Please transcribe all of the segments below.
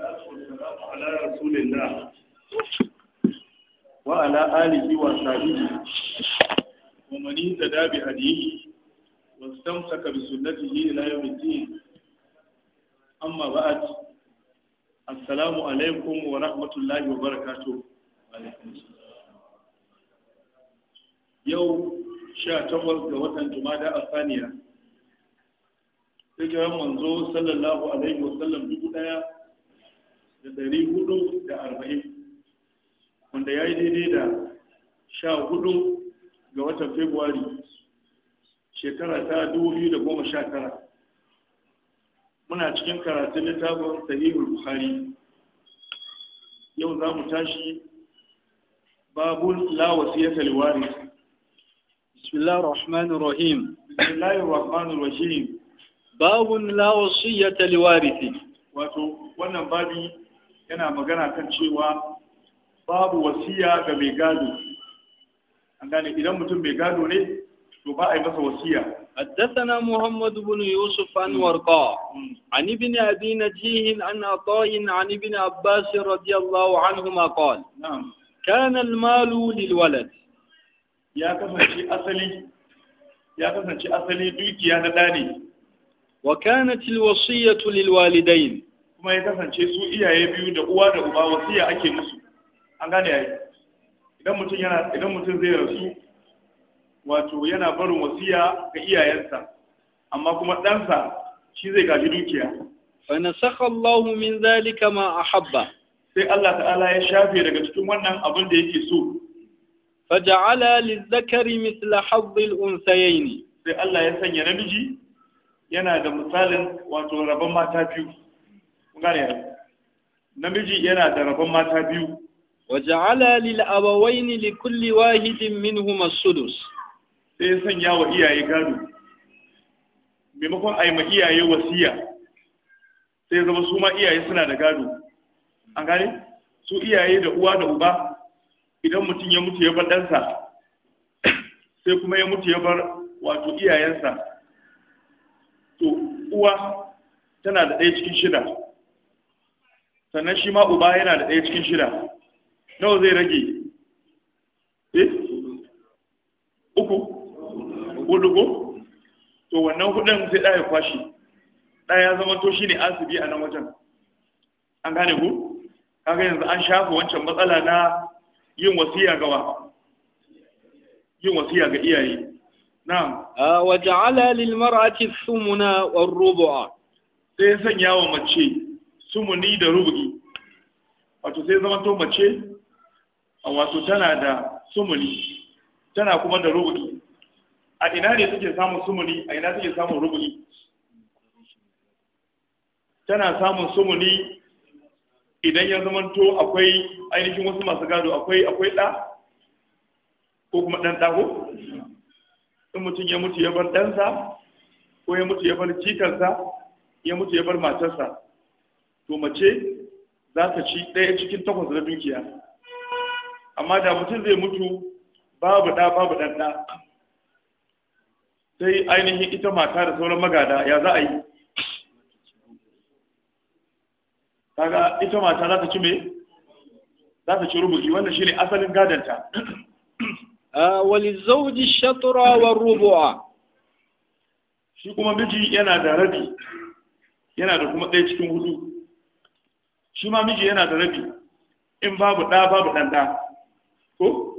على رسول الله وعلى آله وصحبه ومن اهتدى بهديه واستمسك بسنته إلى يوم الدين أما بعد السلام عليكم ورحمة الله وبركاته وعليكم السلام يوم sha takwas ga watan jumada a saniya hijiran manzo sallallahu alaihi wasallam dubu daya da ɗari hudu da arba'in wanda ya yi daidai da sha hudu ga watan februari shekara ta dubu da goma sha tara muna cikin karatun littafin sahihul bukhari yau za mu tashi babul la wasiyata liwaris bismillahir rahmanir rahim bismillahir rahmanir rahim babun la wasiyata liwarisi wato wannan babi yana magana kan cewa babu wasiya ga mai gado an gane idan mutum mai gado ne to ba a yi masa wasiya حدثنا محمد بن يوسف عن ورقاء عن ابن أبي نجيه عن عطاء عن ابن عباس رضي الله عنهما قال نعم كان المال للولد يا كفنشي أصلي يا كفنشي أصلي دوكي أنا داني وكانت الوصية للوالدين kuma ya kasance su iyaye biyu da uwa da uba wasiya ake musu an gane yayi idan mutum yana idan mutum zai rasu wato yana barin wasiya ga iyayensa amma kuma ɗansa shi zai gaji dukiya fa nasakha Allah min zalika ma ahabba sai Allah ta'ala ya shafe daga cikin wannan abin da yake so fa ja'ala lizzakari mithla hadd al-unsayayn sai Allah ya sanya namiji yana da misalin wato rabon mata biyu gane namiji yana da rabon mata biyu waja'ala lil abawaini li kulli wahidin minhum as-sudus sai sanya wa iyaye gado maimakon a ma iyaye wasiya sai zama su ma iyaye suna da gado an gane su iyaye da uwa da uba idan mutum ya mutu ya bar ɗansa sai kuma ya mutu ya bar wato iyayensa to uwa tana da ɗaya cikin shida sannan shi ma uba yana da ɗaya cikin shida nawa zai rage eh uku hudu to wannan hudun sai ɗaya kwashi ɗaya ya zama to ne asibi a nan wajen an gane ku kaga yanzu an shafa wancan matsala na yin wasiya gawa yin wasiya ga iyaye na'am waje ala lilmar ake sumuna wa rubu'a sai sanya wa mace sumuni da rubu'i wato sai zama to mace a wato tana da sumuni tana kuma da rubu'i a ina ne suke samun sumuni a ina suke samun rubu'i tana samun sumuni idan ya zama to akwai ainihin wasu masu gado akwai akwai ɗa ko kuma ɗan ɗago in mutum ya mutu ya bar ɗansa ko ya mutu ya bar jikarsa ya mutu ya bar matarsa to mace za ta ci ɗaya cikin takwas na dukiya amma da mutum zai mutu babu ɗa babu ɗan ɗa sai ainihin ita mata da sauran magada ya za a yi kaga ita mata za ta ci me za ta ci rubuki wannan shine asalin gadanta shatura wa rubuwa shi kuma miji yana da rabi yana da kuma ɗaya cikin hudu shi ma miji yana da rabi in babu ɗa babu ɗanɗa, ko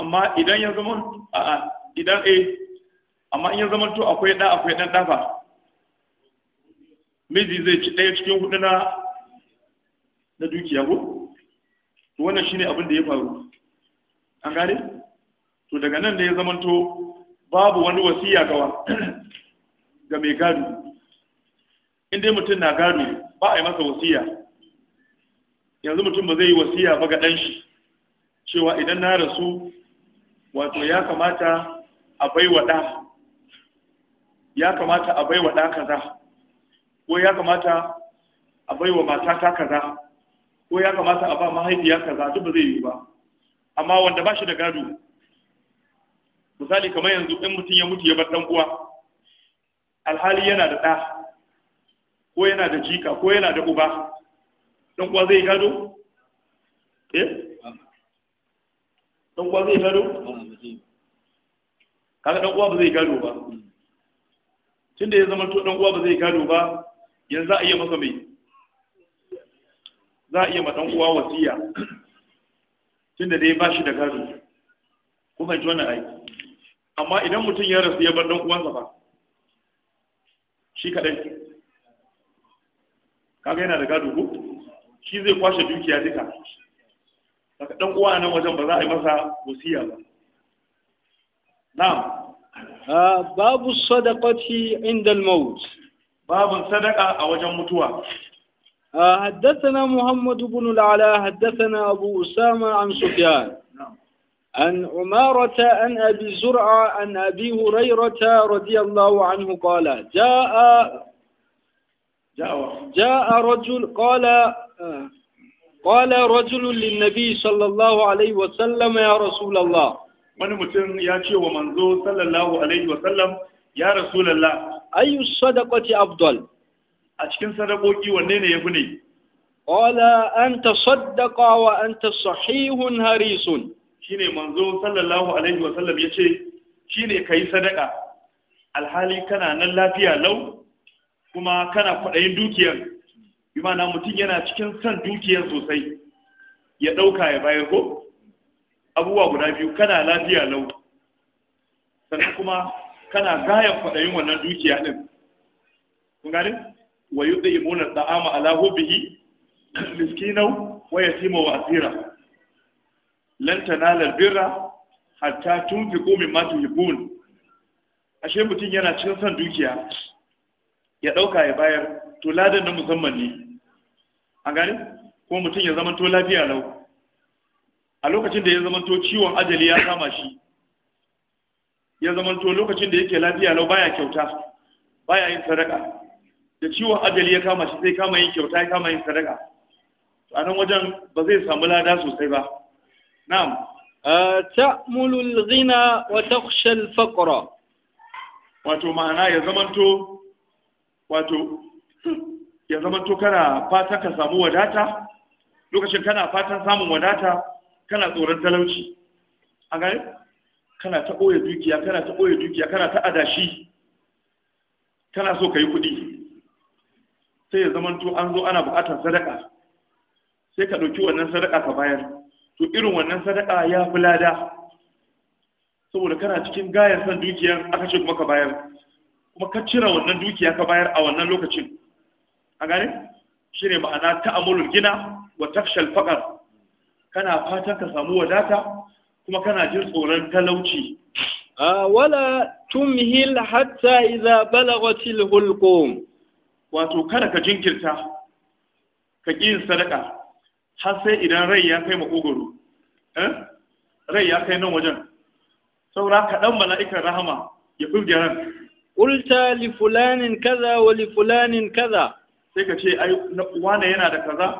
amma idan ya zama a idan eh amma in ya zama to akwai ɗa akwai ɗan ɗa ba miji zai ci ɗaya cikin hudu na na dukiya ko to wannan shine abin da ya faru an gane to daga nan da ya zama to babu wani wasiya gawa ga mai gado in dai mutum na gado ba a yi masa wasiya yanzu mutum ba zai yi wasiya ba ga ɗan shi cewa idan na rasu wato ya kamata a bai wa ɗa ya kamata a bai wa ɗa kaza ko ya kamata a bai wa matata kaza ko ya kamata a ba mahaifiya kaza duk ba zai yi ba amma wanda ba shi da gado misali kamar yanzu in mutum ya mutu ya bar ɗan uwa alhali yana da ɗa ko yana da jika ko yana da uba Ɗan uwa zai gado eh dan uwa zai gado kaga ɗan uwa ba zai gado ba tunda ya zama to ɗan uwa ba zai gado ba yanzu a iya masa mai za a iya ma ɗan uwa wasiya tunda dai ba shi da gado kuma ji wannan ai amma idan mutum ya rasu ya bar ɗan uwansa ba shi kaɗai. kaga yana da gado ko shi zai kwashe dukiya duka daga dan uwa nan wajen ba za a yi masa wasiya ba na'am babu sadaqati inda al-maut babun sadaqa a wajen mutuwa حدثنا محمد بن العلاء حدثنا أبو أسامة عن سفيان عن عمارة عن أبي زرعة عن أبي هريرة رضي الله عنه قال جاء جاء رجل قال قال رجل للنبي صلى الله عليه وسلم يا رسول الله wani mutum ya ce wa manzo sallallahu alaihi wasallam ya rasulallah ayu sadaqati afdal a cikin sadakoki wanne ne yafi ne qala anta saddaqa wa anta sahihun harisun shine manzo sallallahu alaihi wasallam yace shine kai sadaka alhali kana nan lafiya lau kuma kana kwaɗayin dukiyar bi mutum yana cikin son dukiyar sosai ya ɗauka ya bayar ko abubuwa guda biyu kana lafiya lau sannan kuma kana gayan kwaɗayin wannan dukiya ɗin kun gani wa zai imuna sa'ama ala hubbihi miskinau wa yatima wa asira lan tanala albirra hatta komin matu hibun ashe mutum yana cikin son dukiya ya ɗauka ya bayar to ladan na musamman ne an gani? ko mutum ya zama to lafiya lau a lokacin da ya zama to ciwon ajali ya kama shi ya zama to lokacin da yake lafiya lau baya kyauta baya yin sadaka da ciwon ajali ya kama shi sai kama yin kyauta ya kama yin sadaka a nan wajen ba zai samu lada sosai ba na'am ta'mulul ghina wa takhsha al-faqra wato ma'ana ya zamanto wato ya zama to kana fatan ka samu wadata lokacin kana fatan samun wadata kana tsoron talauci a gani kana ta ɓoye dukiya kana ta ɓoye dukiya kana ta adashi kana so ka yi kuɗi sai ya zama to an zo ana buƙatar sadaka sai ka ɗauki wannan sadaka ka bayar to irin wannan sadaka ya fi lada saboda kana cikin gayar san dukiyar aka ce kuma ka bayar kuma ka cire wannan dukiya ka bayar a wannan lokacin a gane shi ne ma'ana ta'amulul gina wa takshal faqar kana fatan ka samu wadata kuma kana jin tsoron talauci wala tumhil hatta idza balagatil hulqum wato kada ka jinkirta ka ƙi sadaka har sai idan rai ya kai makogoro eh? rai ya kai nan wajen saura kaɗan mala'ikan rahama ya fi ƙulta li fulanin kaza wa li fulanin kaza sai ka ce ai wane yana da kaza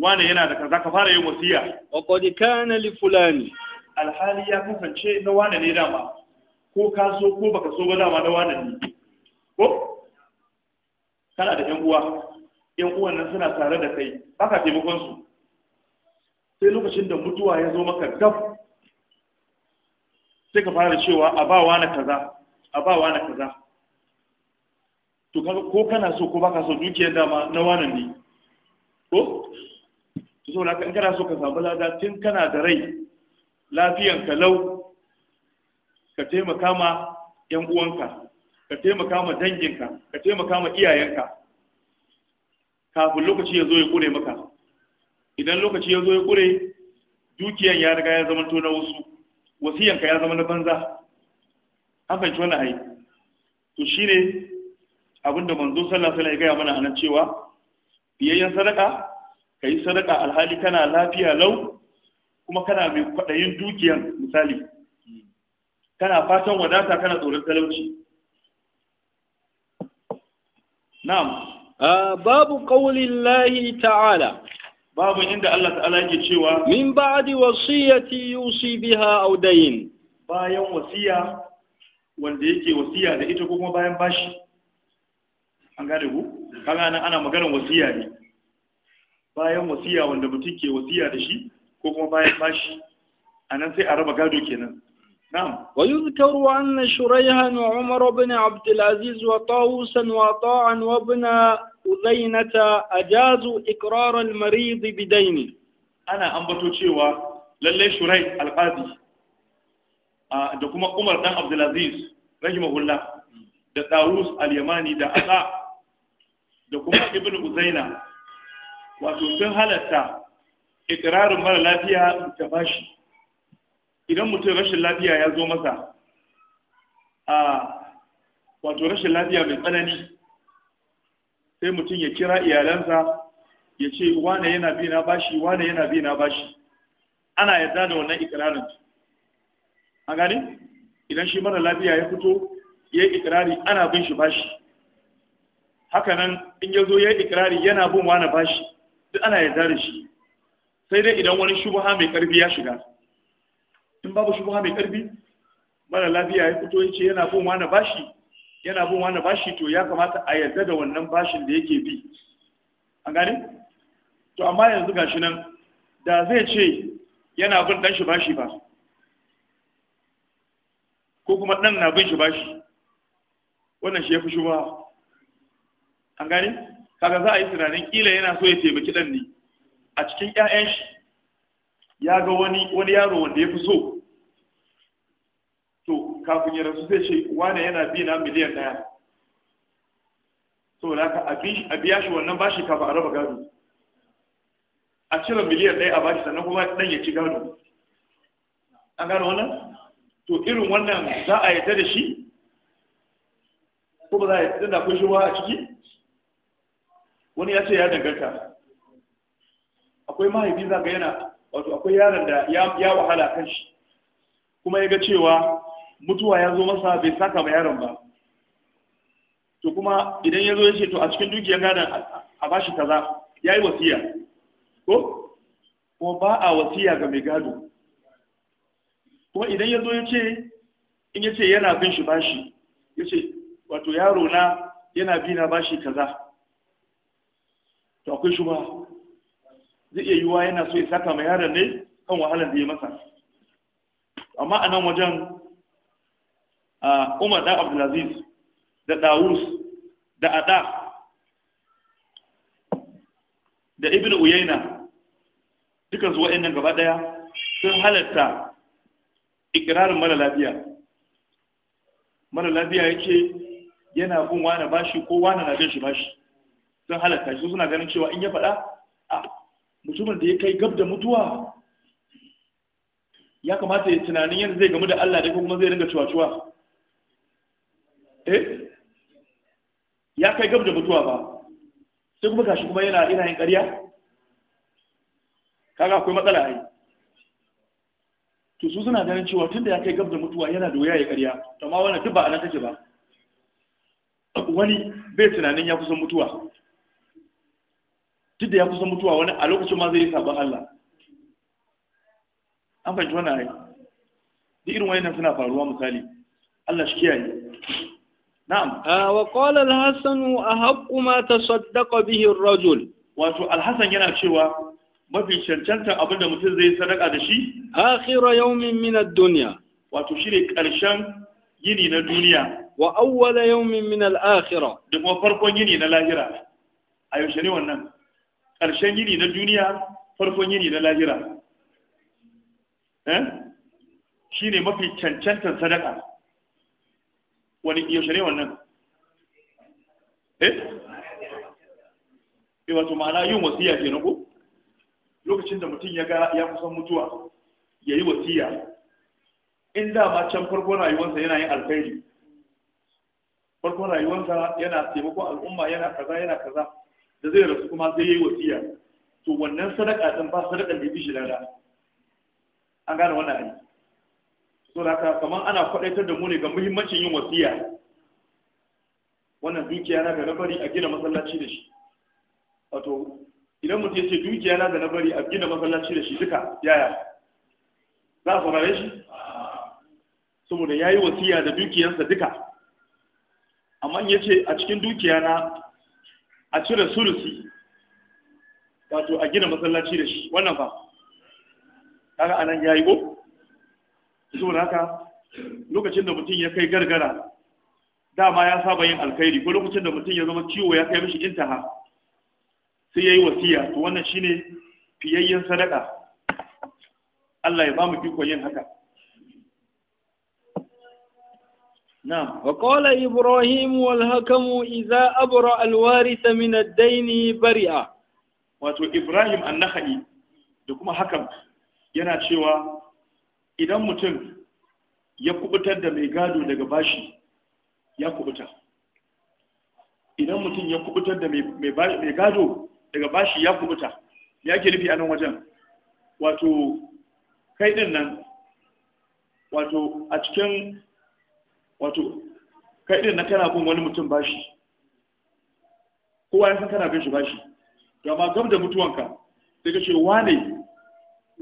wane yana da kaza ka fara yin wasiya wa qad kana li fulani alhali ya kasance na wane ne dama ko ka so ko baka so ba dama na wane ne ko kana da yan uwa yan uwan nan suna tare da kai baka taimakon su sai lokacin da mutuwa ya zo maka gab sai ka fara cewa a ba wane kaza a ba wane kaza to kaga ko kana so ko baka so dukiyar dama na wannan ne ko to saboda haka in kana so ka samu lada tun kana da rai lafiyan ka lau ka taimaka ma yan uwanka ka taimaka ma danginka ka taimaka ma iyayenka kafin lokaci ya zo ya kure maka idan lokaci ya zo ya kure dukiyan ya riga ya zama to na wasu wasiyanka ya zama na banza an fahimci wannan ai to shine abinda manzo sallallahu alaihi ya gaya mana anan cewa biyayyen sadaka yi sadaka alhali kana lafiya lau kuma kana mai kwaɗayin dukiyan misali kana fatan wadata kana tsoron talauci na'am babu qaulillahi ta'ala babu inda Allah ta'ala yake cewa min ba'di wasiyati yusi biha aw dayn bayan wasiya wanda yake wasiya da ita kuma bayan bashi an gane ku kaga nan ana maganar wasiya ne bayan wasiya wanda mutum ke wasiya da shi ko kuma bayan bashi anan sai a raba gado kenan نعم ويذكر أن شريها وعمر بن عبد العزيز وطاووسا وطاعا وابن أذينة أجازوا إقرار المريض بدينه أنا أنبتو تشيوا للي شريح القاضي da kuma Umar dan Abdulaziz rahimahullah da Dawus al-Yamani da Asa da kuma ibn uzaina wato sun halatta ikirarin mara lafiya da bashi idan mutum rashin lafiya ya zo masa a wato rashin lafiya mai tsanani sai mutum ya kira iyalansa ya ce wane yana bi na bashi wane yana bi na bashi ana yarda da wannan ikirarin A gani, idan shi mara lafiya ya fito ya yi ikirari ana bin shi bashi haka nan in ya zo ya yi ikirari yana bin wani bashi duk ana yarda da shi sai dai idan wani shubuha mai karfi ya shiga in babu shubuha mai karfi mara lafiya ya fito ya ce yana bin wani bashi yana bin wani bashi to ya kamata a yarda da wannan bashin da yake bi an gane to amma yanzu gashi nan da zai ce yana bin dan shi bashi ba ko kuma dan na bin shi bashi wannan shi ya fi shubuha an gani kaga za a yi tunanin kila yana so ya taimaki dan ne a cikin ƴaƴan shi ya ga wani wani yaro wanda ya fi so to kafin ya rasu zai ce wane yana bi na miliyan ɗaya saboda haka a biya shi wannan bashi kafin a raba gado a cire miliyan ɗaya a bashi sannan kuma ɗan ya ci gado an gano wannan to irin wannan za a yadda da shi ko ba za a yadda da kun shi a ciki wani ya ce ya danganta akwai mahaifi za ga yana wato akwai yaron da ya wahala kan shi kuma ya ga cewa mutuwa ya zo masa bai saka ba yaron ba to kuma idan ya zo ya ce to a cikin dukiyar gadon a bashi kaza ya yi wasiya ko kuma ba a wasiya ga mai gado kuma idan ya zo ya ce in ya ce yana bin shi bashi ya ce wato yaro na yana bi na bashi kaza to akwai shubha zai iya yiwuwa yana so ya saka ma yaron ne kan wahalar da ya masa amma a nan wajen a umar da abdulaziz da dawus da ada da ibn uyaina dukkan su wa'annan gaba daya sun halatta ikirarin mara lafiya mara lafiya yake yana bin wani bashi ko wani na bin shi bashi sun halatta shi suna ganin cewa in ya faɗa a mutumin da ya kai gab da mutuwa ya kamata ya tunanin yadda zai gamu da Allah da kuma zai ringa cuwa-cuwa eh ya kai gab da mutuwa ba sai kuma gashi kuma yana ina yin ƙarya kaga akwai matsala ai to su suna ganin cewa tunda ya kai gab da mutuwa yana da wuya ya ƙarya ma wannan duk ba anan take ba wani bai tunanin ya kusan mutuwa duk da ya kusa mutuwa wani a lokacin ma zai yi sabon Allah an fahimci wani ai da irin wayannan suna faruwa misali Allah shi kiyaye na'am wa qala al-hasan ahaqqu ma tasaddaqa bihi ar-rajul wato al-hasan yana cewa mafi cancanta abin da mutum zai sadaka da shi akhira yawmin min ad-dunya wato shine karshen gini na duniya wa awwala yawmin min al-akhirah da kuma farkon gini na lahira a yaushe ne wannan ƙarshen yini na duniya farkon yini na lahira eh? shi ne mafi cancantar sadaka wani yaushe ne wannan eh, eh wato ma'ana yin wasiya ke ku? lokacin da mutum ya ga ya kusan mutuwa ya yi wasiya in dama can farkon rayuwarsa yana yin alfairi farko rayuwarsa yana taimakon al'umma yana kaza yana kaza da zai rasu kuma sai yi wasiya to wannan sadaka din ba sadaka da bishi ra an gane wannan ayi so da haka kamar ana kwadaitar da mu ne ga muhimmancin yin wasiya wannan dukiya na da na bari a gina masallaci da shi wato idan mutum ya ce dukiya na da na bari a gina masallaci da shi duka yaya za a saurare shi saboda ya yi wasiya da dukiyarsa duka amma ya ce a cikin dukiya na a cire sulusi wato a gina masallaci da shi wannan ba kaga anan yayi ko saboda haka lokacin da mutum ya kai gargara dama ya saba yin alkhairi ko lokacin da mutum ya zama ciwo ya kai mishi intaha sai yayi wasiya to wannan shine fiyayyen sadaka Allah ya ba mu yin haka نعم وقال إبراهيم والهكم إذا أبرأ الوارث من الدين برئ واتو إبراهيم annahai دكما حكم hakan yana cewa idan mutum ya لقباشي da mai idan mutum ya kubutar da mai gado daga bashi ya kubuta ya ke nufi a nan wajen wato kai din nan wato a cikin wato kai din na kana bin wani mutum bashi kowa ya san kana bin shi bashi to amma gab da mutuwanka sai ka ce wane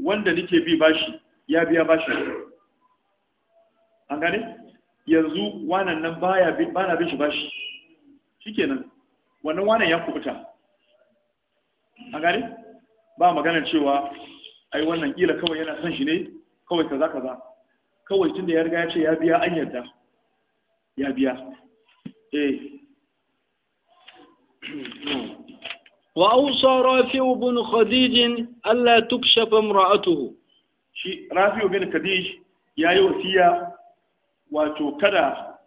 wanda nake bi bashi ya biya bashi an gane yanzu wannan nan baya bi bana bin shi bashi shikenan wannan wanan ya kubuta an gane ba magana cewa ai wannan kila kawai yana son shi ne kawai kaza kaza kawai tunda ya riga ya ce ya biya an yarda ya biya eh وأوصى rafi'u bin خديج ألا تكشف امرأته shi rafi'u bin kadij ya yi wasiya wato kada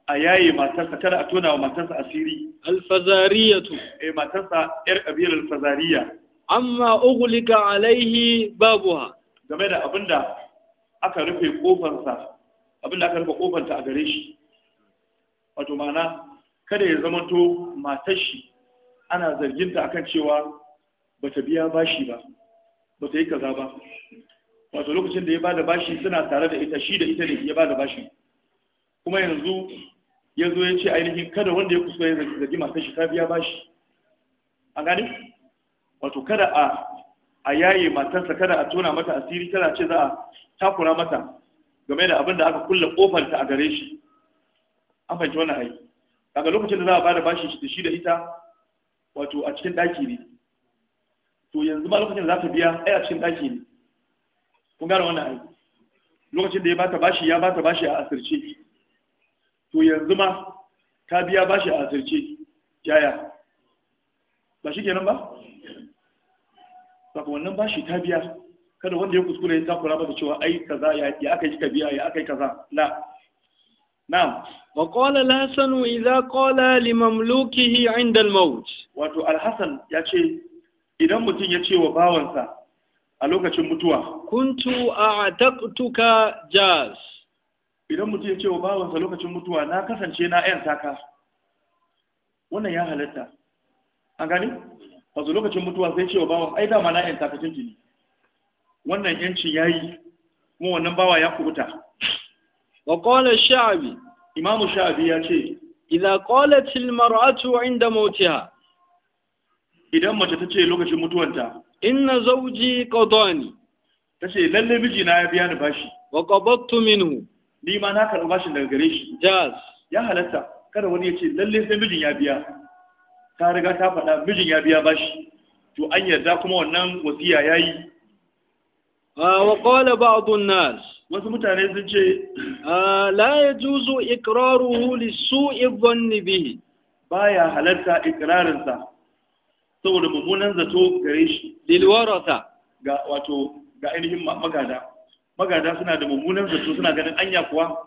a yaye matarsa kada a tona wa matarsa asiri tu. eh matarsa yar al alfazariya amma ughliqa alaihi babuha game da abinda aka rufe kofarsa abinda aka rufe kofarta a gare shi wato ma'ana kada ya zamanto matar shi ana zarginta akan cewa bata biya bashi ba bata yi kaza ba wato lokacin da ya bada bashi suna tare da ita shi da ita ne ya bada bashi kuma yanzu ya zo ya ce ainihin kada wanda ya kusa ya zargi matar shi ta biya bashi an gane wato kada a a yaye matarsa kada a tona mata asiri kada ce za a takura mata game da abin da aka kulle kofar ta a gare shi an fahimci wannan ai daga lokacin da za a bada bashi da shi da ita wato a cikin daki ne to yanzu ma lokacin da za ta biya ai a cikin daki ne kun gane wannan ai lokacin da ya bata bashi ya bata bashi a asirce to yanzu ma ta biya bashi a asirce yaya ba shi kenan ba saka wannan bashi ta biya kada wanda ya kuskure ya takura da cewa ai kaza ya aka yi ka biya ya aka yi kaza na. na'am wa qala al-hasan idza qala li mamlukihi 'inda al-maut wato al-hasan yace idan mutum ya ce wa bawansa a lokacin mutuwa kuntu a'taqtuka jaz idan mutum ya ce wa bawansa lokacin mutuwa na kasance na ayan taka wannan ya halatta an gani wato lokacin mutuwa sai ce wa bawan ai dama na ayan taka jini." wannan yancin yayi kuma wannan bawa ya kubuta wa qala sha'bi imamu sha'bi ya ce idza qalat al mar'atu inda mautiha idan mace ta ce lokacin mutuwanta inna zawji qadani ta ce lalle mijina ya biya ni bashi wa qabattu minhu ni ma na karɓi bashin daga gare shi jaz ya halatta kada wani ya ce lalle sai mijin ya biya ta riga ta faɗa mijin ya biya bashi to an yarda kuma wannan wasiya ya yi. wa qala ba'd an-nas wasu mutane sun ce la yajuzu iqraruhu li su'i dhanni bihi Ba ya halarta ikirarinsa saboda mummunan zato gare shi lil warasa ga wato ga ainihin magada magada suna da mummunan zato suna ganin anya kuwa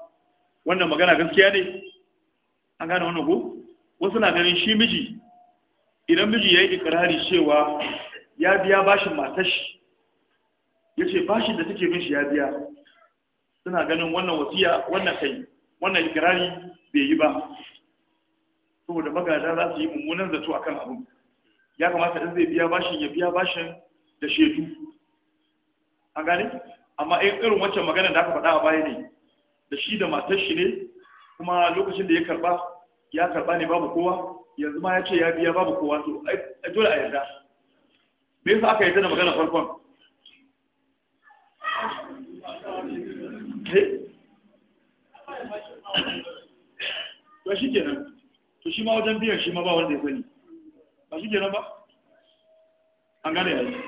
wannan magana gaskiya ne an gane wannan ku? wasu na ganin shi miji idan miji ya yi ikirari cewa ya biya bashin matashi ya ce bashin da take bin shi ya biya suna ganin wannan wasiya wannan kai wannan ikirari bai yi ba saboda magada za su yi mummunan zato akan abu ya kamata in zai biya bashin ya biya bashin da shaidu an gane amma in irin wancan magana da aka faɗa a baya ne da shi da matar shi ne kuma lokacin da ya karba ya karba ne babu kowa yanzu ma ya ce ya biya babu kowa to dole a yarda me yasa aka yarda da magana farkon Eh? to shi kenan to shi ma wajen biyan shi ma ba wanda ya sani ba shi kenan ba an gane yanzu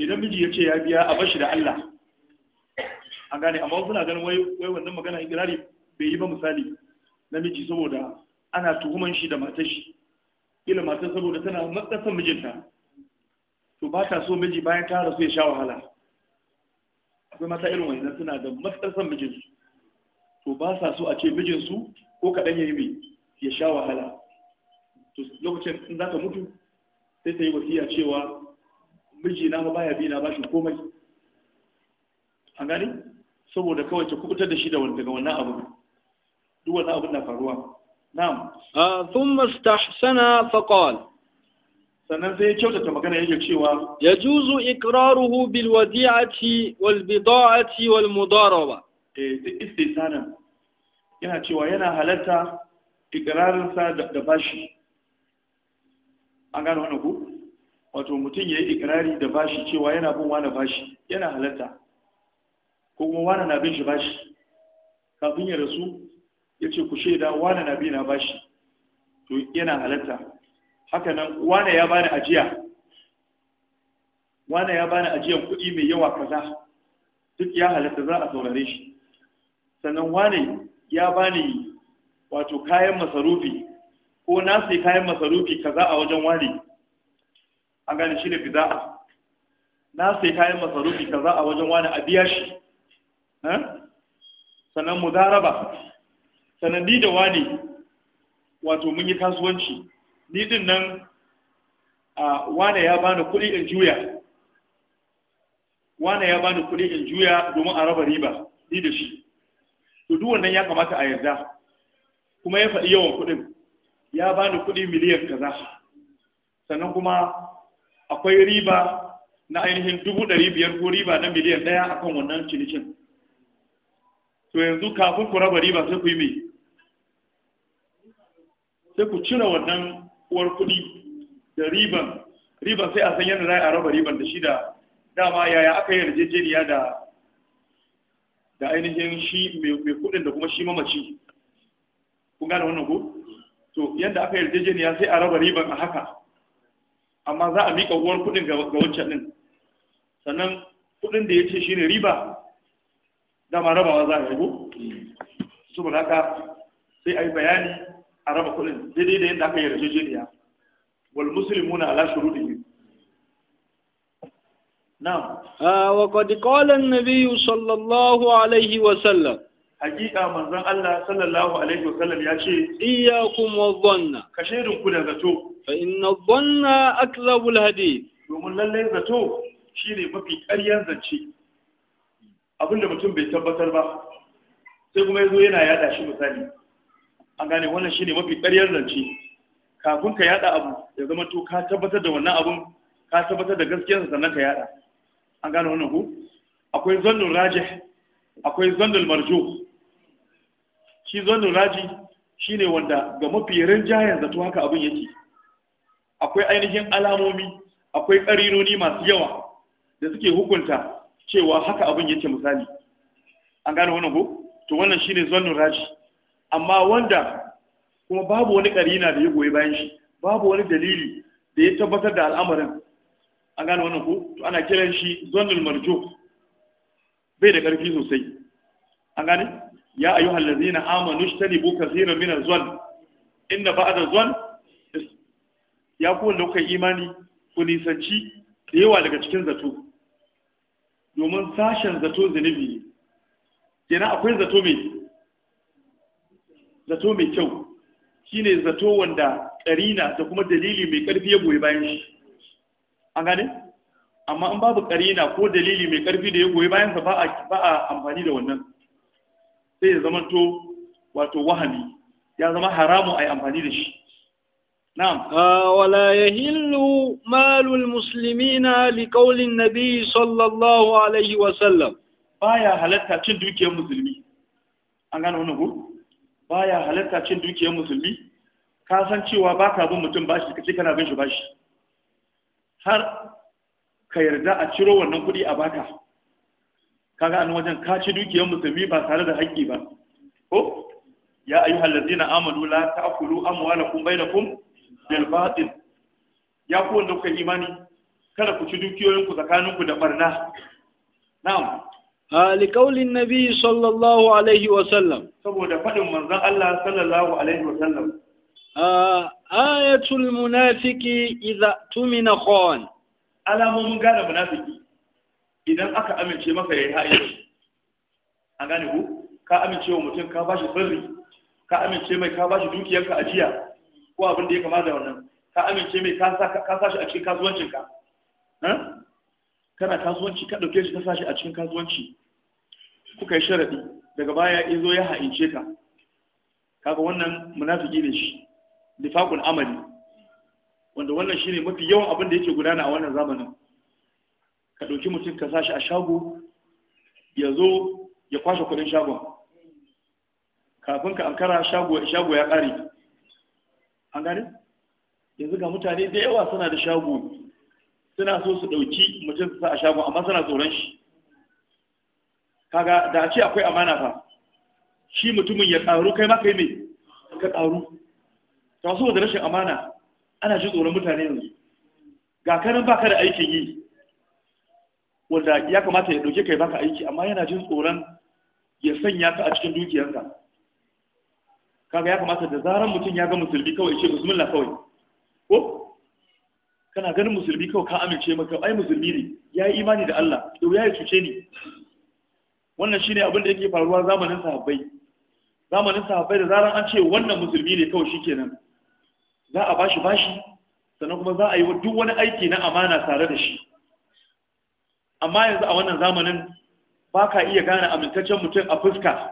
idan miji ya ce ya biya a bashi da Allah an gane amma wasu na ganin wai wannan magana ikirari bai yi ba misali na miji saboda ana tuhuman shi da matar shi ila matar saboda tana matsasan mijinta to ba ta so miji bayan ta rasu ya sha wahala akwai mata irin wannan suna da matsar son mijinsu to ba sa so a ce mijinsu ko kaɗan ya yi mai ya sha wahala to lokacin in za ka mutu sai ta yi wasiya cewa mijina ma baya bi na ba shi komai an gani saboda kawai ta kubutar da shi da wani daga wannan abu duk wannan abu na faruwa na'am ah, thumma istahsana faqala sannan sai ya kyautata magana yake cewa ya juzu ikraruhu bil wadi'ati wal bida'ati wal mudaraba eh duk istisana yana cewa yana halatta ikrarin sa da bashi an gano wannan ku wato mutum ya yi ikrari da bashi cewa yana bin wani bashi yana halatta ko kuma wani na bin shi bashi kafin ya rasu ya ce ku sheda wani na bin na bashi to yana halatta haka nan wane ya bani ajiya wane ya bani ajiyan kuɗi mai yawa kaza duk ya halatta za a saurare shi sannan wane ya bani wato kayan masarufi ko na sai kayan masarufi kaza a wajen wane an gane shi ne bida'a na sai kayan masarufi kaza a wajen wane a biya shi eh? sannan mudaraba sannan ni da wane wato mun yi kasuwanci ni din nan wane ya bani kuɗi in juya wane ya bani kuɗi in juya domin a raba riba ni da shi to duk wannan ya kamata a yarda kuma ya faɗi yawan kuɗin ya bani kuɗi miliyan kaza sannan kuma akwai riba na ainihin dubu ɗari biyar ko riba na miliyan ɗaya akan wannan cinikin to yanzu kafin ku raba riba sai ku yi mai sai ku cire wannan uwar kuɗi da riban riban sai a san yadda za a raba riban da shi da dama yaya aka yi yarjejeniya da da ainihin shi mai kuɗin da kuma shi mamaci kun gane wannan ko to yadda aka yarjejeniya sai a raba riban a haka amma za a miƙa uwar kuɗin ga wancan ɗin sannan kuɗin da ya ce shi ne riba dama rabawa za a yi ko saboda haka sai a yi bayani araba kolin dede da yadda aka yi rajejeniya wal musulmi na ala shuru da yi na'am ah, wa kwadi kolin na biyu sallallahu alaihi wasallam hakika manzan Allah sallallahu alaihi wasallam ya ce iya kuma zonna ka da zato fa inna zonna akzabul hadi domin lallai zato shi ne mafi ƙaryar zance abinda mutum bai tabbatar ba sai kuma ya zo yana yada shi misali an gane wannan shine mafi ƙaryar zance kafin ka yada abu ya zama to ka tabbatar da wannan abun ka tabbatar da gaskiyarsa sannan ka yada an gane wannan ku akwai zannun rajih akwai zannul marjuh shi zannun raji shine wanda ga mafi rinjayen zato haka abun yake akwai ainihin alamomi akwai ƙarinoni masu yawa da suke hukunta cewa haka abin yake misali an gane wannan ko to wannan shine zannun raji. amma wanda kuma babu wani karina da ya goyi bayan shi babu wani dalili da ya tabbatar da al'amarin an gane wannan ko to ana kiran shi zonul marjo bai da karfi sosai an gane ya ayu hallazina amanu bu kaseeran min azwan inna ba'd azwan ya ku wanda kuka imani ku nisanci da yawa daga cikin zato domin sashen zato zinubi ne kenan akwai zato mai zato mai kyau shine zato wanda karina da kuma dalili mai karfi ya goyi bayan shi an gane amma in babu karina ko dalili mai karfi da ya goyi bayan sa ba a ba a amfani da wannan sai ya zamanto wato wahami ya zama haramu a yi amfani da shi نعم ولا يهل مال المسلمين لقول النبي صلى الله عليه وسلم بايا halatta cin dukiyar musulmi an gane wannan ko baya halatta cin dukiyar musulmi ka san cewa ba ka bin mutum bashi kace kana bin shi bashi har ka yarda a ciro wannan kuɗi a baka kaga an wajen ka ci dukiyar musulmi ba tare da haƙƙi ba ko ya ayyuhal ladzina amanu la ta'kulu amwalakum bainakum bil batil ya ku wanda kuka imani kada ku ci dukiyoyinku tsakaninku da barna na'am likaulin nabi sallallahu alaihi wasallam saboda faɗin manzon Allah sallallahu alaihi wasallam ayatul munafiki idza tumina khan alamomin gane munafiki idan aka amince maka yayi haƙi an gane ku ka amince wa mutum ka bashi sirri ka amince mai ka bashi dukiyarka ajiya ko abin da ya kamata da wannan ka amince mai ka sa shi a cikin kasuwancinka kana kasuwanci ka ɗauke shi ka sa shi a cikin kasuwanci kuka yi sharaɗi, daga baya ya zo ya ha'ince ka kaga wannan munafiki ne shi nifaqul amali wanda wannan shine mafi yawan abin da yake gudana a wannan zamanin ka dauki mutum ka sashi a shago ya zo ya kwashe kudin shagon kafin ka ankara shago shago ya kare an gane yanzu ga mutane da yawa suna da shago suna so su dauki mutum su sa a shagon amma suna tsoron shi kaga da a ce akwai amana fa shi mutumin ya karu kai ma kai me ka karu to da rashin amana ana jin tsoron mutane yanzu ga kanan baka da aikin yi wanda ya kamata ya dauke kai baka aiki amma yana jin tsoron ya sanya ka a cikin dukiyarka kaga ya kamata da zaran mutum ya ga musulmi kawai ce bismillah kawai ko kana ganin musulmi kawai ka amince maka ai musulmi ne ya yi imani da Allah to ya cuce ni wannan shine abin da yake faruwa zamanin sahabbai zamanin sahabbai da zaran an ce wannan musulmi ne kawai shikenan za a bashi bashi sannan kuma za a yi duk wani aiki na amana tare da shi amma yanzu a wannan zamanin ba ka iya gane amintaccen mutum a fuska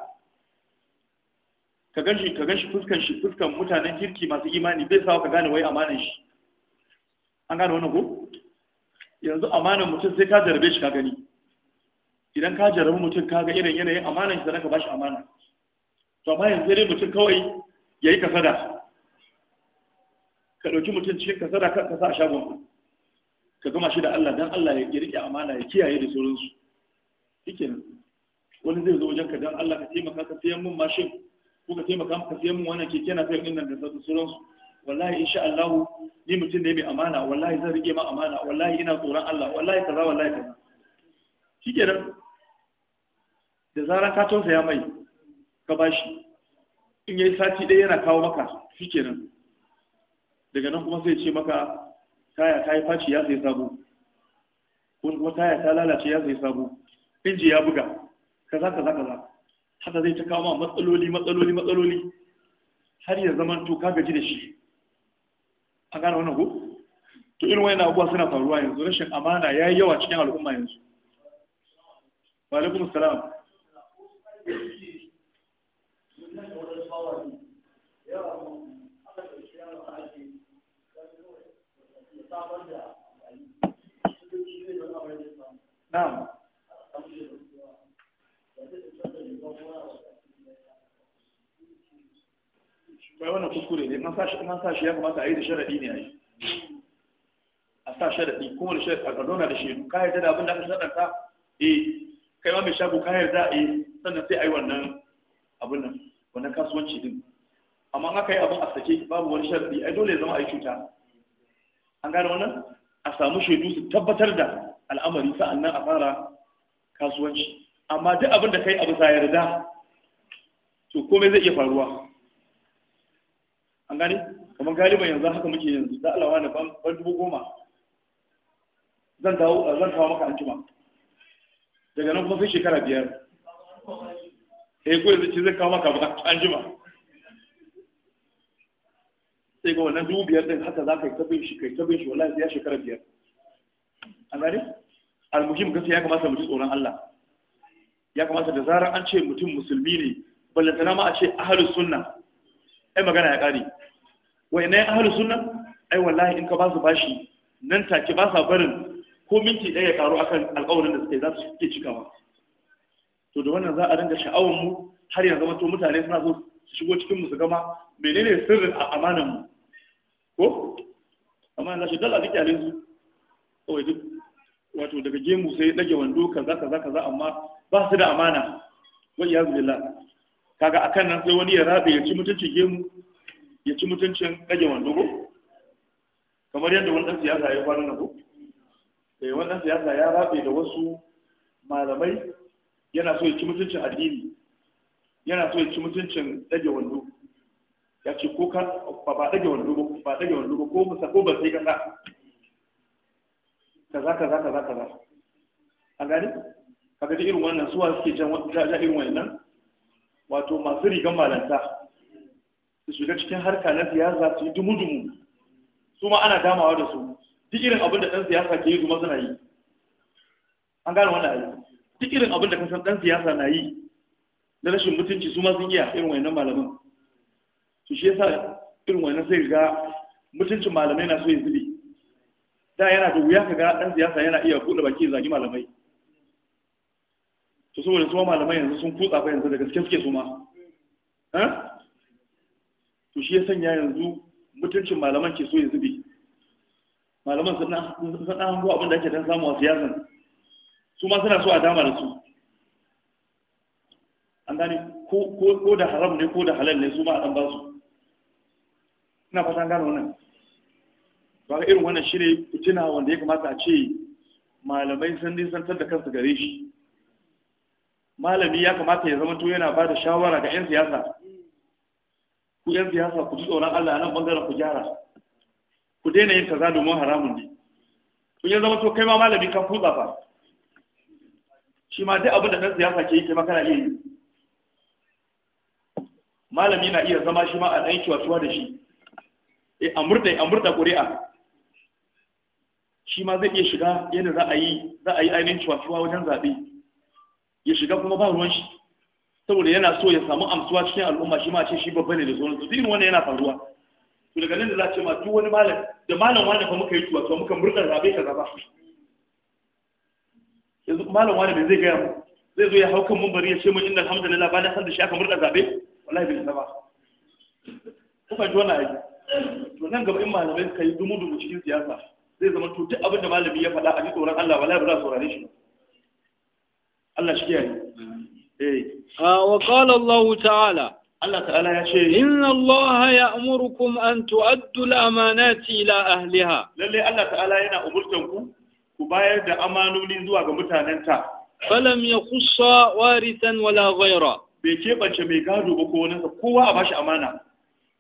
ka gan shi ka gan shi fuskan shi fuskan mutanen kirki masu imani bai sa ka gane wai amanan shi an gane wannan ko yanzu amanan mutum sai ka zarbe shi ka gani idan ka jarabi mutum ka ga irin yanayin amana shi da ka bashi amana to amma yanzu dai mutum kawai ya yi kasada ka ɗauki mutum cikin kasada kan kasa a shagon ka gama shi da Allah dan Allah ya riƙe amana ya kiyaye da sauransu shikenan wani zai zo wajen ka dan Allah ka taimaka ka siyan mun mashin ko ka taimaka ka siyan mun wannan keke na sayan da sauransu wallahi insha Allah ni mutum ne mai amana wallahi zan rike ma amana wallahi ina tsoron Allah wallahi kaza wallahi kaza shikenan da zarar ka tausaya mai ka bashi in yayi sati ɗaya yana kawo maka shikenan daga nan kuma sai ce maka taya ta yi faci ya sai sabo ko kuma taya ta lalace ya sai sabo inji ya buga kaza kaza kaza haka zai ta kawo ma matsaloli matsaloli matsaloli har ya zama to ka gaji da shi an gane wannan ko to irin wani abubuwa suna faruwa yanzu rashin amana ya yi yawa cikin al'umma yanzu wa alaikum salam Na'am. Bai wannan kuskure ne, sa shi ya kamata a yi da sharaɗi ne a yi. A sa sharaɗi, kuma da a zauna da shaidu, ka yi da abin da aka sharaɗa, eh, kai ma mai shago ka za a yi sannan sai a yi wannan abin nan wannan kasuwanci din amma aka yi abin a sake babu wani sharadi ai dole ya zama a yi cuta an gane wannan a samu shaidu su tabbatar da al'amari sa'annan a fara kasuwanci amma duk abin da kai abu sa yarda to komai zai iya faruwa an gane kamar galiban yanzu haka muke yanzu da alawa na ban dubu goma zan kawo maka antima. daga nan kuma sai shekara biyar E, ko yanzu zai kawo maka ba an ba sai ga wannan dubu biyar din haka za ka yi ta bin shi kai ta bin shi wallahi sai ya shekara biyar an gani almuhim gaskiya ya kamata mu ji tsoron Allah ya kamata da zarar an ce mutum musulmi ne ballantana ma a ce ahlus sunna ai magana ya kare wai ne ahlus sunna ai wallahi in ka ba su bashi nan take ba sa barin ko minti ɗaya ya karu akan alƙawarin da suka yi za su ke cikawa to da wannan za a dinga sha'awar mu har yanzu wato mutane suna so su shigo cikin mu su gama menene sirrin a amanan mu ko amma na shi dala duk su kawai duk wato daga gemu sai dage wando kaza kaza kaza amma ba su da amana wai ya zubilla kaga akan nan sai wani ya rabe ya ci mutuncin gemu ya ci mutuncin dage wando ko kamar yadda wani ɗan siyasa ya fara na ko sai eh, wannan siyasa ya rabe da wasu malamai yana so ya ci mutuncin addini yana so ya ci mutuncin dage wando ya ce ko ka ba dage wando ba ba dage wando ba ko musa ko ba sai kasa kaza kaza kaza kaza a gani ka da irin wannan suwa suke jan irin wannan wato masu rigan malanta su shiga cikin harka na siyasa su yi dumu-dumu su ma ana damawa da su duk irin abin da ɗan siyasa ke yi kuma suna yi an gane wannan ayi duk irin abin da ka san ɗan siyasa na yi na rashin mutunci su ma sun iya irin wayannan malaman su shi yasa irin wayannan sai ga mutuncin malamai na so ya zube da yana da wuya ka ga ɗan siyasa yana iya buɗe baki ya zagi malamai to saboda su malamai yanzu sun kutsa fa yanzu da gaske suke su ma eh? to shi ya sanya yanzu mutuncin malaman ke so ya zube malaman sun faɗa hango abin da ake dan samu a siyasan su ma suna so a dama da su an gane ko da haram ne ko da halal ne su ma a ɗan ba su ina fata gane wannan ba irin wannan shi ne fitina wanda ya kamata a ce malamai sun nisantar da kansu gare shi malami ya kamata ya zama to yana ba da shawara ga 'yan siyasa ku 'yan siyasa ku ji tsoron Allah a nan bangaren ku gyara ku daina yin kaza domin haramun ne kun ya zama to kai ma malami kan kutsa fa shi ma duk abin da ɗan siyasa ke yi ke makana iya yi malami na iya zama shi ma a ɗan kiwatuwa da shi E a murɗa a murɗa ƙuri'a shi ma zai iya shiga yadda za a yi za a yi ainihin kiwatuwa wajen zaɓe ya shiga kuma ba ruwan shi saboda yana so ya samu amsuwa cikin al'umma shi ma ce shi babba ne da sauransu duk wani yana faruwa to daga nan da za a ce ma duk wani malam da malam wani fa muka yi tuwa to muka murna bai ka ba yanzu malam wani bai zai gaya mu zai zo ya hau kan mumbari ya ce mun inna alhamdulillah ba na san da shi aka murna zabe wallahi bai zaba kuma ji wani ayi to nan gaba in malamai suka yi dumu dumu cikin siyasa zai zama to duk abin da malami ya faɗa a ji tsoron Allah wallahi ba za su saurare shi Allah shi kiyaye eh wa qala Allahu ta'ala Allah ta'ala ya ce inna Allah ya'murukum an tu'addu amanati ila ahliha lalle Allah ta'ala yana umurtan ku ku bayar da amanoni zuwa ga mutanenta falam yakhussa warisan wala ghayra bai keɓance mai gado ba ko wani kowa a bashi amana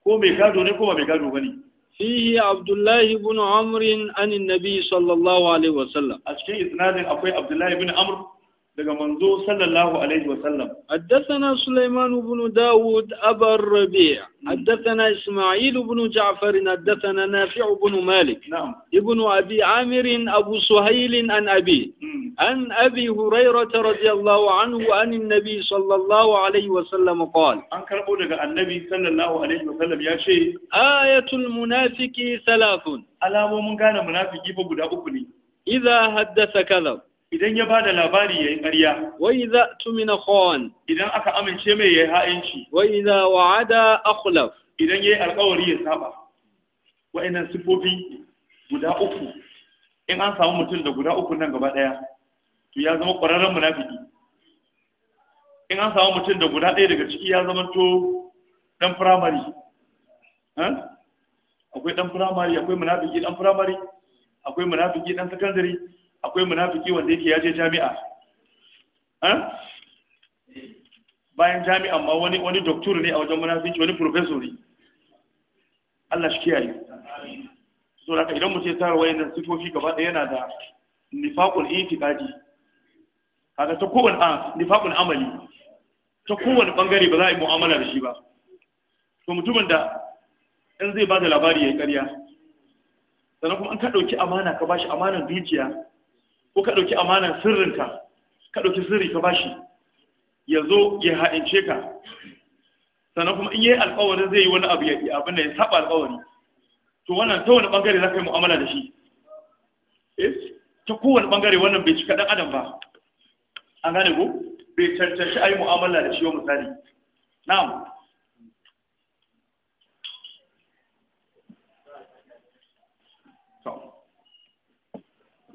ko mai gado ne ko ba mai gado bane fihi abdullahi bin Amrin an annabi sallallahu alaihi wa sallam. a cikin isnadin akwai abdullahi bin amr daga manzo sallallahu alaihi wasallam haddathana sulaiman ibn daud abar rabi' haddathana isma'il ibn ja'far haddathana nafi' ibn malik ibn abi amir abu suhail an abi an abi hurairah radiyallahu anhu an annabi sallallahu alaihi wasallam qala an karbo daga annabi sallallahu alaihi wasallam ya ce ayatul munafiqi thalathun alamomin gane munafiki ba guda uku ne idza haddatha kadhab idan ya bada labari yayi ƙarya wa idza tumina khawan idan aka amince mai yayi ha'inci wa idza wa'ada akhlaf idan yayi alƙawari ya saba wa'annan sifofi guda uku in an samu mutum da guda uku nan gaba daya to ya zama ƙwararren munafiki in an samu mutum da guda ɗaya daga ciki ya zama to ɗan firamare akwai ɗan firamare akwai munafiki ɗan firamare akwai munafiki ɗan sakandare akwai munafiki wanda yake ya je jami'a bayan jami'an ma wani wani doktor ne a wajen munafiki wani professor ne Allah shi kiyaye so da idan mu ce tsara wayannan sifofi gaba ɗaya yana da nifaqul itiqadi kaga ta kowane nifaqul amali ta kowane bangare ba za a yi mu'amala da shi ba to mutumin da in zai ba da labari ya ƙarya sannan kuma an ka ɗauki amana ka bashi amanar dukiya ko ka ɗauki amanan sirrinka ka ɗauki sirri ka bashi ya zo ya haɗince ka sannan kuma in yi alƙawarin zai yi wani abu ya abin da ya saba alƙawari to wannan ta wani ɓangare za ka yi mu'amala da shi eh, ta kowane ɓangare wannan bai cika ɗan adam ba an gane ko bai cancanci a yi mu'amala da shi wa misali na'am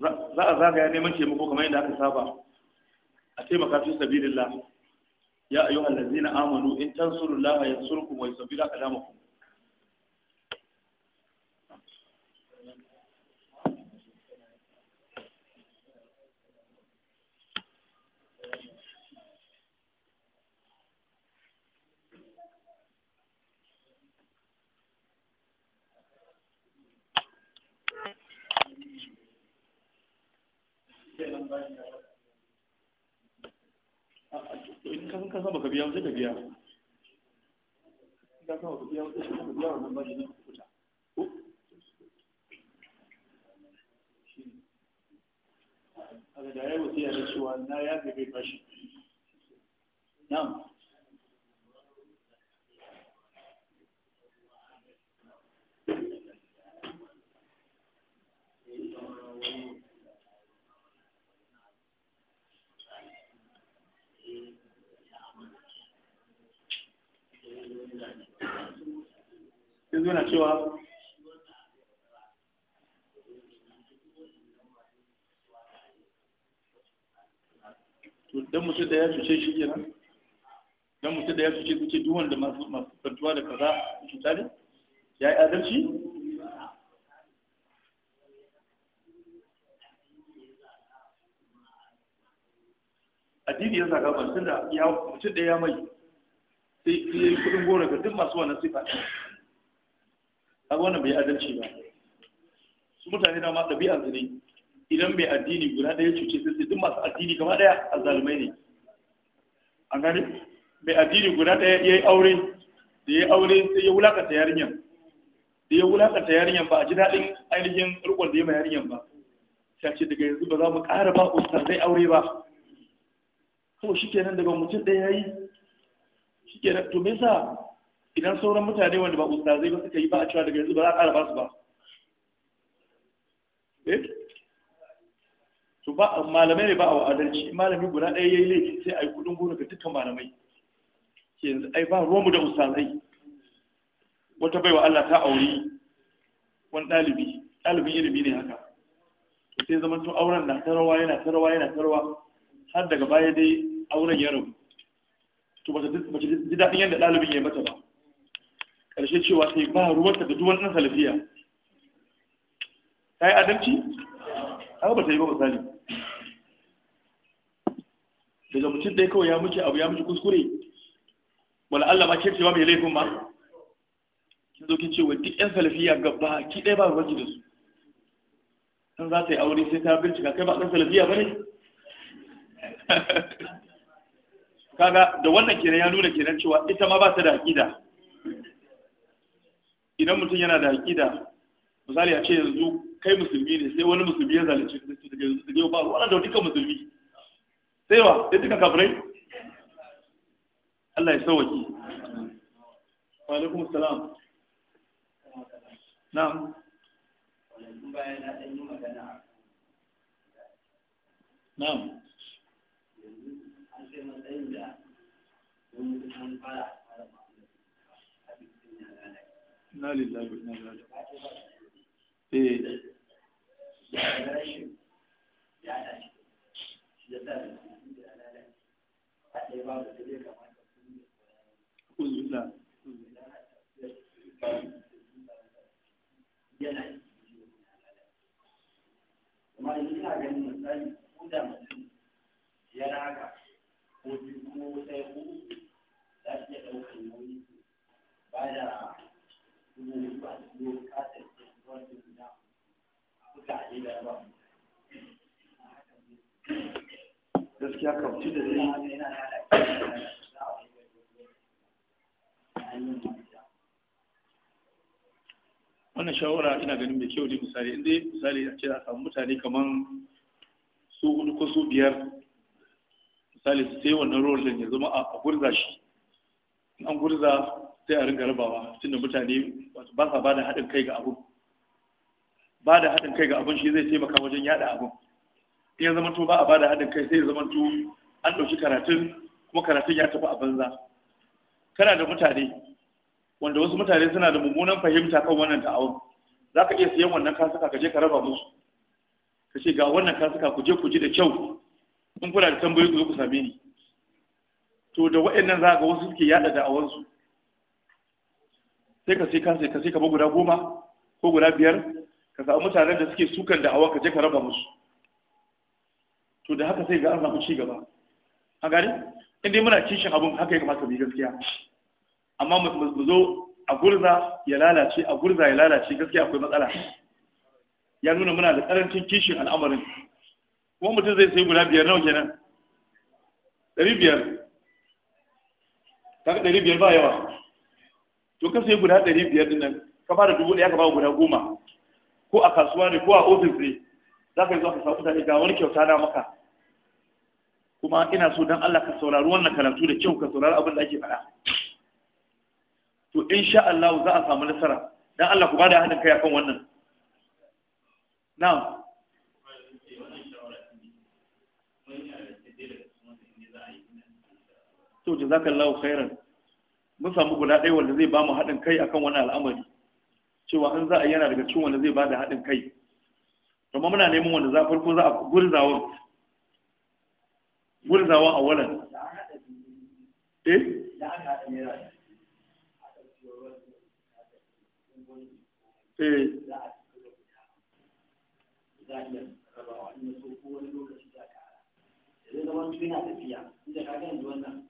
za a zagaya neman taimako kamar yadda aka saba a taimaka fi sabilillah ya ayyuhal ladzina amanu in tansurullaha yansurkum wa sabida aqdamakum in ka ka sama ka biya sai ka biya ka sama ka biya sai ka biya kuta aga da yayi wasiya da cewa na ya ga bashi na'am sai zo cewa don mutu da ya cuce shi kenan don mutu da ya cuce kuke duwan da masu masu da kaza cuta ne ya yi adalci addini ya zaga ban da ya mutu da ya mai sai sai kudin gora ga duk masu wannan sifa kaga wannan bai adalci ba su mutane da ma ɗabi'ar su ne idan mai addini guda ɗaya cuce sai sai duk masu addini gaba ɗaya azzalumai ne an gani mai addini guda ɗaya ya yi aure da ya yi aure sai ya wulakanta yarinyar da ya wulakanta yarinyar ba a ji daɗin ainihin rikon da ya ma yarinyar ba ta ce daga yanzu ba za mu ƙara ba zai aure ba to shi kenan daga mutum ɗaya ya yi shi kenan to me yasa idan sauran mutane wanda ba ustazai ba suka yi ba a cewa daga yanzu ba za a ƙara ba su ba eh? to ba malamai ne ba a adalci malami guda ɗaya ya yi laifi sai a yi kuɗin gona ga dukkan malamai yanzu ai ba ruwanmu da ustazai wata baiwa Allah ta auri wani ɗalibi ɗalibin ilimi ne haka sai zaman tun auren na tarawa yana tarawa yana tarawa har daga baya dai auren ya rabu to ba ta ji daɗin yadda ɗalibin ya mata ba ƙarshe cewa sai ba ruwanta da duwan ɗan salafiya ta yi adamci? haka ba ta yi ba misali daga mutum ɗaya kawai ya muke abu ya muke kuskure wala Allah ma cewa mai laifin ma kin zo cewa ce duk ƴan salafiya ba ki ɗaya ba ruwanki da su in za ta yi aure sai ta bincika kai ba ɗan salafiya ba ne kaga da wannan kenan ya nuna kenan cewa ita ma ba ta da haƙida idan mutum yana da aƙida misali a ce yanzu kai musulmi ne sai wani musulmi ya zalunci kristo daga yanzu daga yau ba wannan da dukkan musulmi sai wa sai dukkan kafirai Allah ya sauwaki wa alaikum salam na'am na'am yanzu an sai matsayin da wani an fara na lillahi na lillahi eh Uzula. Amma ina ganin misali ko da mutum ya raga ko biyu ko sai ko za su iya ɗaukar nauyi ba da gaskiya da zai wannan shawara ina ganin mai kyau ne misali inda dai misali a ce a samu mutane kamar su hudu ko su biyar misali su sai wannan rol ya zama a gurza shi an gurza sai a ringa rabawa tunda mutane ba sa ba da haɗin kai ga abun ba da haɗin kai ga abun shi zai taimaka wajen yaɗa abun in ya zama to ba a ba da haɗin kai sai ya zama to an ɗauki karatun kuma karatun ya tafi a banza kana da mutane wanda wasu mutane suna da mummunan fahimta kan wannan ta'awun za ka iya siyan wannan kasuka ka je ka raba musu ka ce ga wannan kasuka ku je ku ji da kyau in kuna da tambayoyi ku zo ku same ni to da waɗannan za ga wasu suke yaɗa da'awansu sai ka sai ka sai ka sai guda goma ko guda biyar ka samu mutanen da suke sukan da awa ka je ka raba musu to da haka sai ga an samu ci gaba a gari inda muna kishin abun haka ya kamata mu gaskiya amma mu zo a gurza ya lalace a gurza ya lalace gaskiya akwai matsala ya nuna muna da karancin kishin al'amarin kuma mutum zai sai guda biyar nawa kenan ɗari biyar ga ɗari biyar ba yawa to ka sai guda ɗari biyar din nan ka fara dubu ɗaya ka ba guda goma ko a kasuwa ne ko a ofis ne za ka yi zuwa ka samu mutane ga wani kyauta na maka kuma ina so dan Allah ka saurari wannan karatu da kyau ka saurari abin da ake faɗa to insha Allah za a samu nasara Dan Allah ku bada haɗin kai akan wannan na'am to jazakallahu khairan mun samu guda ɗaya wanda zai ba mu haɗin kai akan wani al'amari cewa in za a yana daga cikin wanda zai ba da haɗin kai amma muna neman wanda za farko za a gurzawa gurzawa a wannan eh eh zama yana tafiya inda ka gani wannan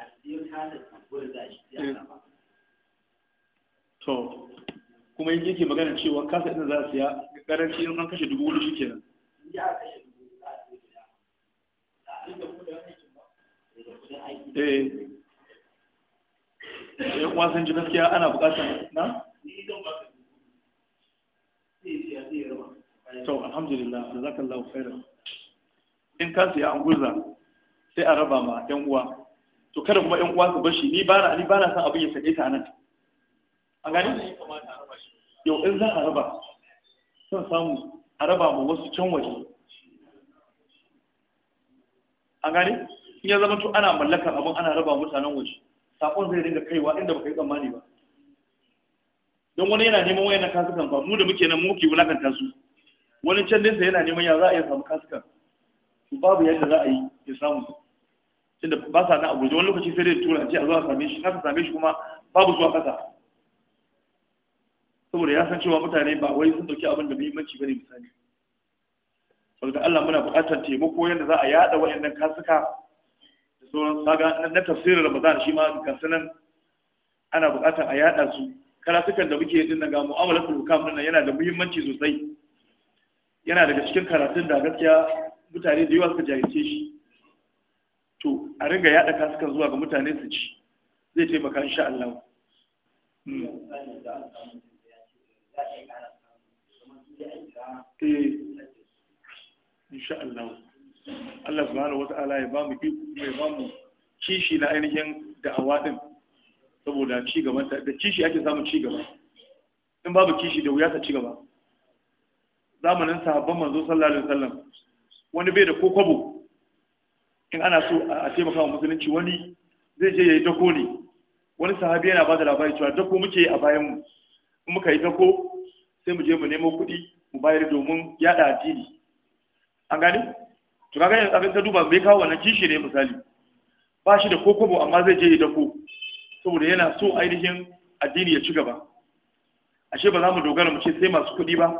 Eh. to kuma yin yake magana cewa kasa ɗin za a siya karanci in an kashe dubu wani shi kenan eh yan wasan ji gaskiya ana bukatar na? to alhamdulillah jazakallahu khairan in ka siya an gurza sai a raba ma yan uwa to kada kuma 'yan uwa su bar shi ni ba ni na san abin ya sake ta nan an gani yau in za a raba son samu a raba mu wasu can waje an gani in ya zama to ana mallakar abin ana raba mutanen waje sakon zai dinga kaiwa inda baka yi tsammani ba don wani yana neman wayan kasukan ba mu da muke nan muke wulakanta su wani can nesa yana neman ya za a iya samu kasukan babu yadda za a yi ya samu tunda ba sa na abuja wani lokaci sai dai tura ce a zuwa same shi na same shi kuma babu zuwa kasa saboda ya san cewa mutane ba wai sun dauki abin da muhimmanci bane misali saboda Allah muna buƙatar taimako yadda za a yada wayannan kasuka da sauran saga na tafsirin Ramadan shi ma sanan ana buƙatar a yada su karatukan da muke din ga mu'amalatul hukam nan yana da muhimmanci sosai yana daga cikin karatun da gaskiya mutane da yawa suka jahilce shi to a riga yaɗa kasukan zuwa ga mutane su ci zai taimaka insha Allah hmm. eh. insha Allah Allah subhanahu wata'ala ya ba mu ya ba mu kishi na ainihin da'awa din saboda ci gaban da kishi ake samun ci gaba in babu kishi da wuya ta ci gaba zamanin sahabban manzo sallallahu alaihi wasallam wani bai da ko kwabo in ana so a taimaka wa musulunci wani zai je ya yi dako ne wani sahabi yana ba da labari cewa dako muke a bayan mu in muka yi dako sai mu je mu nemo kuɗi mu bayar domin yaɗa addini an gane to kaga yanzu abin ta duba bai kawo wannan kishi ne misali ba shi da kokobo amma zai je ya dako saboda yana so ainihin addini ya ci gaba ashe ba za mu dogara mu ce sai masu kuɗi ba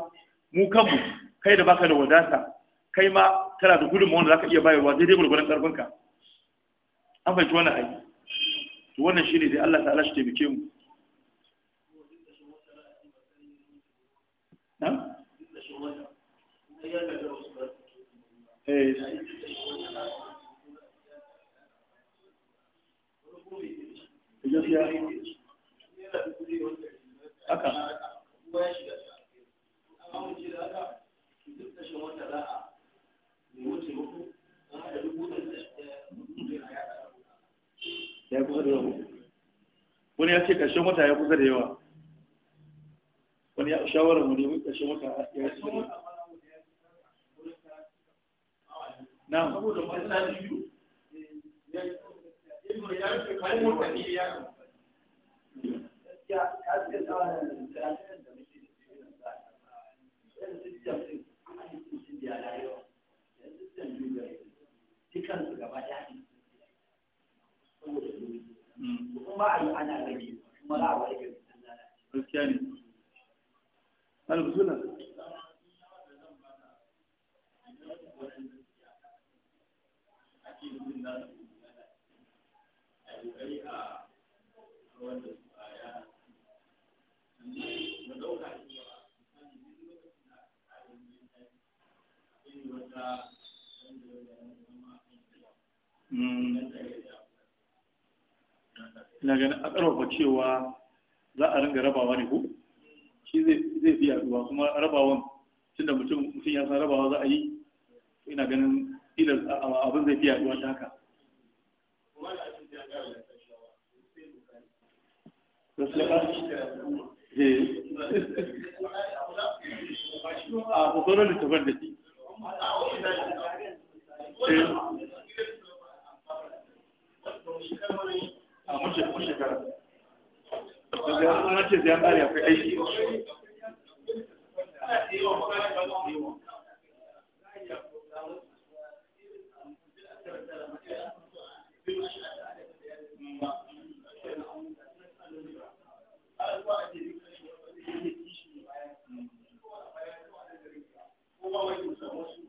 mu kanmu kai da baka da wadata kai ma kana da gudunmu wanda za ka iya bayarwa daidai gwargwaron ka an fahimci wannan aiki to wannan shi ne dai Allah ta'ala shi taimake mu eh. haka wani ya ce ƙarshen wata ya kusa da yawa wani ya shawarar mu ne ƙarshen wata ya kusa da yawa na eh, ya dukan su gaba da haɗi hmm. kuma ba a yi ana rage kuma za a gaskiya ne Thank you. na ganin a ƙarfafa cewa za a ringa rabawa ne ko shi zai fi yaduwa kuma rabawan tunda da mutum ya san rabawa za a yi ina ganin ilar abin zai fi yaduwa ta haka a kusurar littafin da shi akwai Thank you.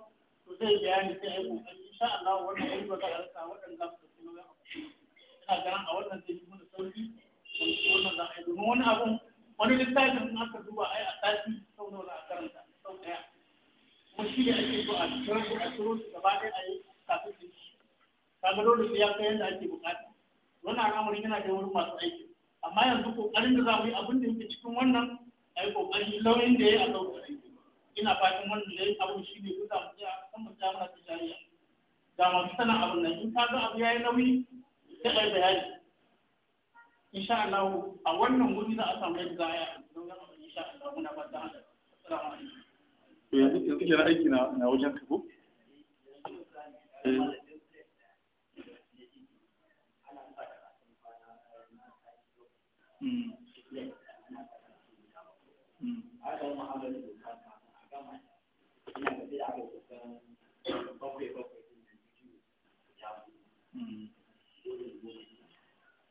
zai bayani sai ya insha Allah wannan ba a waɗanda su ci nauyin abu ina ganin a wannan zai yi sauki wannan za a yi domin wani wani aka duba ai a sati sau nawa za a karanta sau ɗaya kuma shi ne ake so a a su gaba ɗaya a yi kafin su ci kaga dole sai ya kai yadda ake wannan al'amarin yana da wurin masu aiki amma yanzu da za mu yi abin da yake cikin wannan a yi kokari lauyin da ya yi a ɗaukar ina fatan wannan da ya abin shi ne ta mana ta shari'a ga masu sanin abin nan in ka ga abu yayi nauyi sai ai bayani insha Allah a wannan wuri za a samu yadda za a yi don gama insha Allah muna ba ta assalamu alaikum to yanzu yanzu kenan aiki na na wajen ka ko Mm. Mm. bakwai bakwai din nan bidiyo ya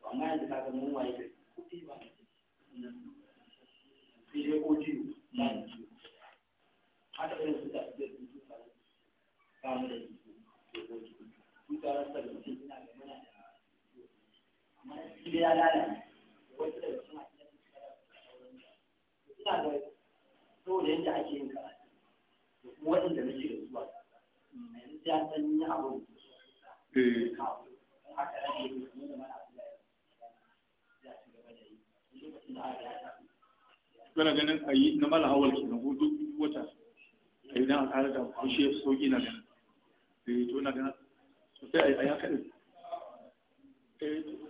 to amma yanzu ka mun waye kuɗi ba ba haka irin su da fiye da su da su su ta rasa da su ina da amma ya lalata wasu suna iya su ina saboda yadda ake yin karatu da kuma waɗanda nake da su ba Eh. kana ganin a yi na mala awal ke nan duk wata a yi a kare da kushe sauki na ganin eh to na ganin sosai a yi haka ɗin eh,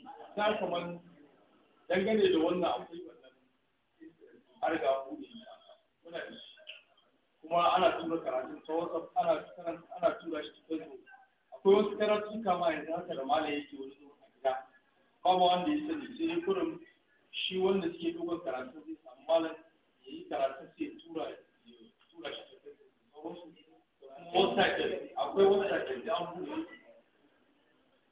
ta kaman dangane da wannan akwai wannan har ga buɗe muna da shi kuma ana tura karatun ta whatsapp ana ana tura shi ta facebook akwai wasu karatu kama yanzu haka da malam yake wani zuwa a gida babu wanda ya sani sai kurum shi wanda suke dogon karatu zai samu malam ya yi karatu sai ya tura tura shi ta facebook akwai wasu akwai wasu da an buɗe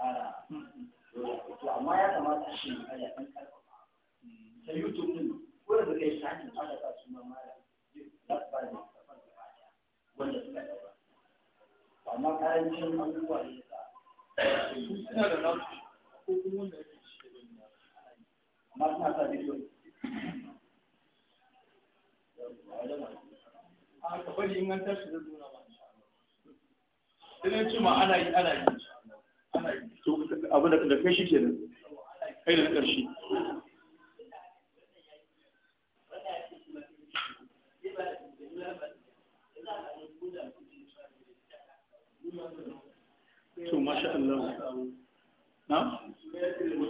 ƙara to amma ya kamata shi shi magana ɗan ƙarfafa ta youtube din ko da kai sani ma da ba su ma mara za su ba da kafan da ɗaya wanda suka daura amma ƙarancin abubuwa ne ya sa? Su suna da nasu ko kuma wanda ake shi da wani amma suna sa bidiyo a kabari in an tashi zai nuna ma insha Allah. Sai na ce ma ana yi ana yi. abin da kai shi ke nan kai da na ƙarshe to masha Allah na? Eh, da dubu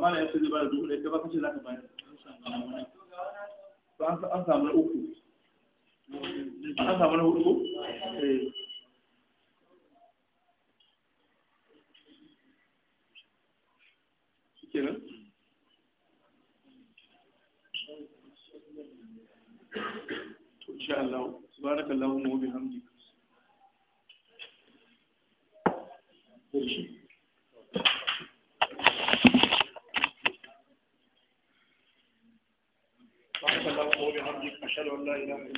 ba kace za ka bayar an samu na uku an samu na hudu ko? Eh. kenan to insha Allah subhanakallahu wa bihamdika Thank